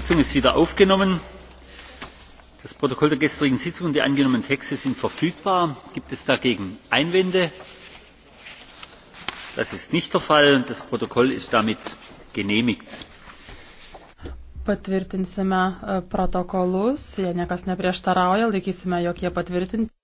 sitzung ist wieder aufgenommen. das protokoll der gestrigen sitzung und die angenommenen texte sind verfügbar. gibt es dagegen einwände? das ist nicht der fall. das protokoll ist damit genehmigt. patvirtinsime äh, protokolus jei niekas neprieštarauja laikysime jog jie patvirtinti.